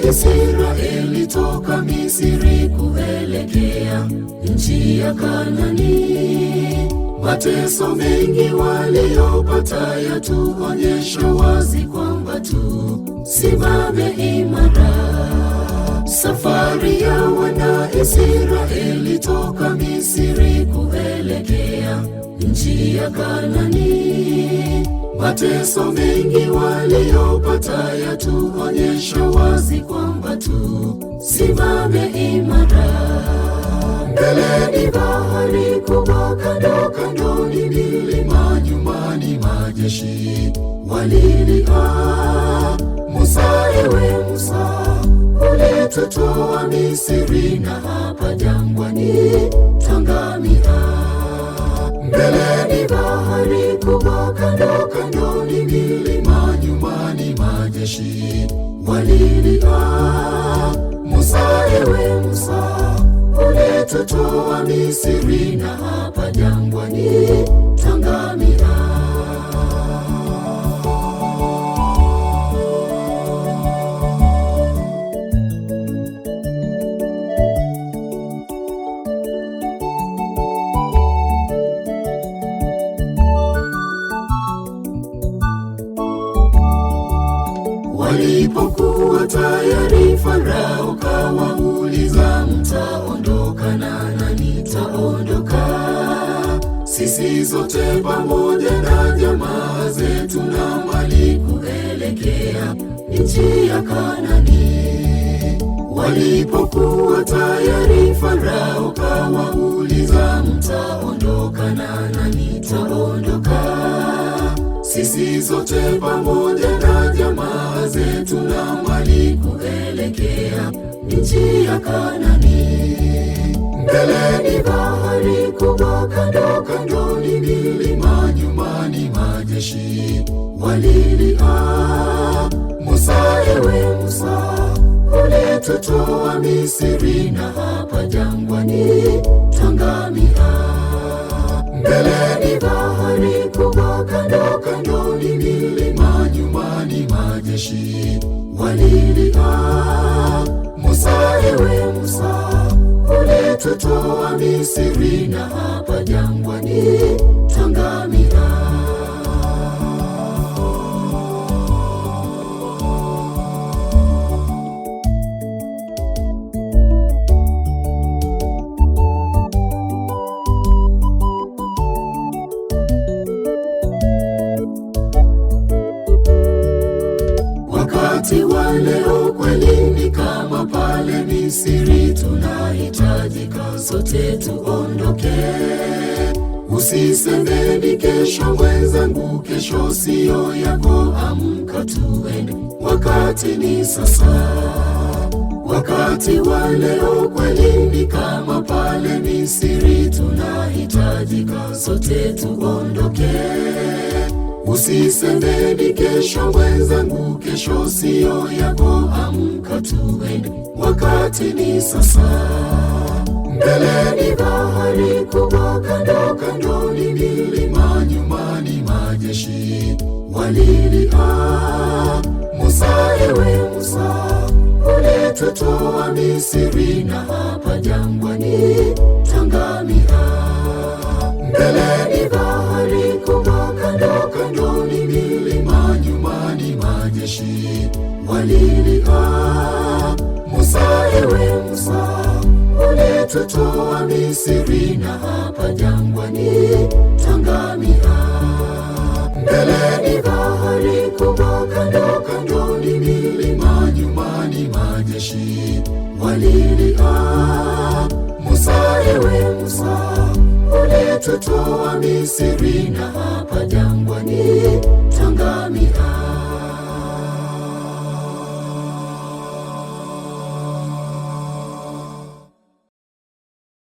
Israeli toka Misri kuelekea nchi ya Kanani. Mateso mengi waliyopata yatuonyesha wazi kwamba simame imara. Safari ya wana Israeli toka Misri kuelekea nchi ya Kanani. Mateso mengi waliyopata yatuonyesha wazi kwamba tu simame imara. Mbele ni bahari kubwa, kando kando ni milima, nyuma majeshi walilia, Musa, ewe Musa, ulitutoa Misri na hapa jangwani tangamia. Mbele ni bahari kando kando ni milima, nyumbani majeshi walilia, Musa, ewe Musa, umetutoa Misri na hapa jangwani tangami tayari. Farao kawauliza, mtaondoka na nani? Taondoka sisi zote pamoja na jamaa zetu na mali, kuelekea nchi ya Kanani. Walipokuwa tayari, Farao kawauliza, mtaondoka na nani? Taondoka sisi zote pamoja zetu na kuelekea nchi ya kanani Mbele ni bahari kubwa, kando kando ni milima, nyuma majeshi. Walilia, Musa, ewe Musa, ulitutoa Misri na hapa jangwani twangamia. Mbele ni bahari kubwa, kando kando ni jeshi walilia, Musa, ewe Musa, ulitutoa Misri na hapa jangwani siri tunahitajika, sote tuondoke. Usiseme ni kesho mwenzangu, kesho siyo yako. Amka tuende, wakati ni sasa. Wakati wa leo kweli ni kama pale Misri, tunahitajika, sote tuondoke. Usisendeni kesho, mwenzangu, kesho siyo yako. Amka tuende, wakati ni sasa. Mbele ni bahari kubwa, kando kando ni milima, nyuma ni majeshi. Walilia, Musa, ewe Musa, uletutoa Misri na hapa jangwani nchi walilia, Musa, ewe Musa, ulitutoa Misri na hapa jangwani Mbele Mbeleni bahari kubwa, kando ni milima, nyumani majeshi walilia, Musa, ewe Musa, ulitutoa Misri na hapa jangwani